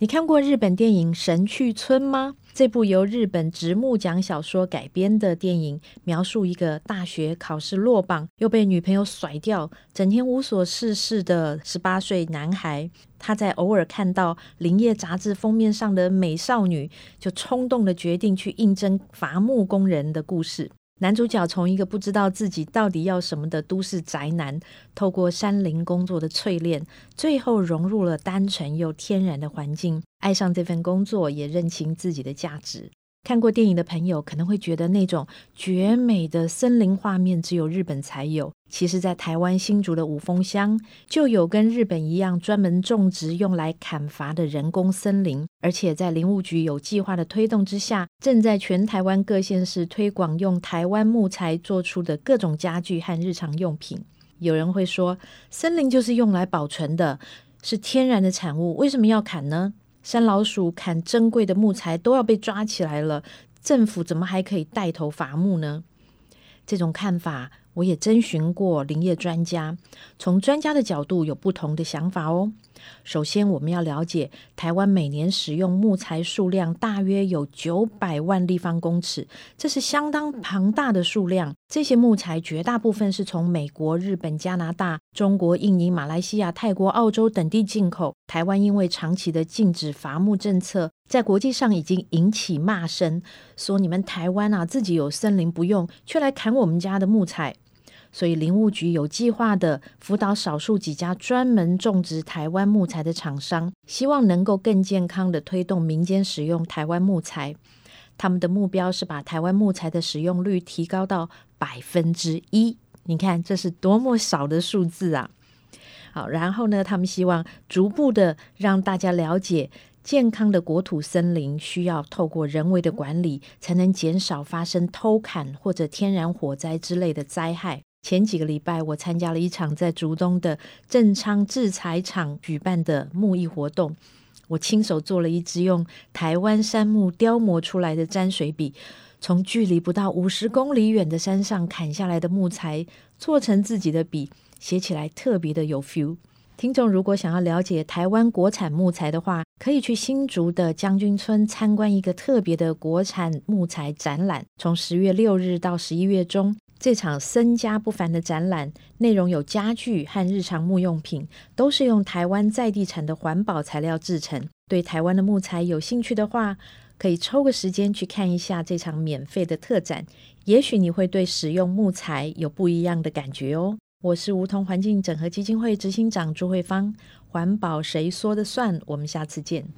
你看過日本電影《神去村》嗎？這部由日本直木獎小說改編的電影，描述一個大學考試落榜，又被女朋友甩掉，整天無所事事的十八歲男孩，他在偶爾看到林業雜誌封面上的美少女，就衝動的決定去應徵伐木工人的故事。男主角從一個不知道自己到底要什麼的都市宅男，透過山林工作的淬煉，最後融入了單純又天然的環境，愛上這份工作，也認清自己的價值。看過電影的朋友可能會覺得，那種絕美的森林畫面，只有日本才有。其實，在台灣新竹的五峰鄉，就有跟日本一樣專門種植用來砍伐的人工森林。而且，在林務局有計劃的推動之下，正在全台灣各縣市推廣用台灣木材做出的各種家具和日常用品。有人會說，森林就是用來保存的，是天然的產物，為什麼要砍呢？山老鼠砍珍貴的木材都要被抓起來了，政府怎麼還可以帶頭伐木呢？這種看法，我也徵詢過林業專家，從專家的角度有不同的想法哦。首先，我們要了解台灣每年使用木材數量大約有九百萬立方公尺，這是相當龐大的數量。這些木材絕大部分是從美國、日本、加拿大、中國、印尼、馬來西亞、泰國、澳洲等地進口。台灣因為長期的禁止伐木政策。在國際上已經引起罵聲，說你們台灣啊自己有森林不用，卻來砍我們家的木材。所以林務局有計劃地輔導少數幾家專門種植台灣木材的廠商，希望能夠更健康地推動民間使用台灣木材。他們的目標是把台灣木材的使用率提高到百分之一。你看這是多麼少的數字啊！好，然後呢，他們希望逐步地讓大家了解。健康的國土森林需要透過人為的管理，才能減少發生偷砍或者天然火災之類的災害。前幾個禮拜，我參加了一場在竹東的正昌製材廠舉辦的木藝活動，我親手做了一支用台灣杉木雕磨出來的沾水筆，從距離不到五十公里遠的山上砍下來的木材做成自己的筆，寫起來特別的有 feel。聽眾如果想要了解台灣國產木材的話，可以去新竹的將軍村參觀一個特別的國產木材展覽。從十月六日到十一月中，這場身家不凡的展覽內容有家具和日常木用品，都是用台灣在地產的環保材料製成。對台灣的木材有興趣的話，可以抽個時間去看一下這場免費的特展，也許你會對使用木材有不一樣的感覺哦。我是梧桐環境整合基金會執行長朱慧芳。環保誰說的算？我們下次見。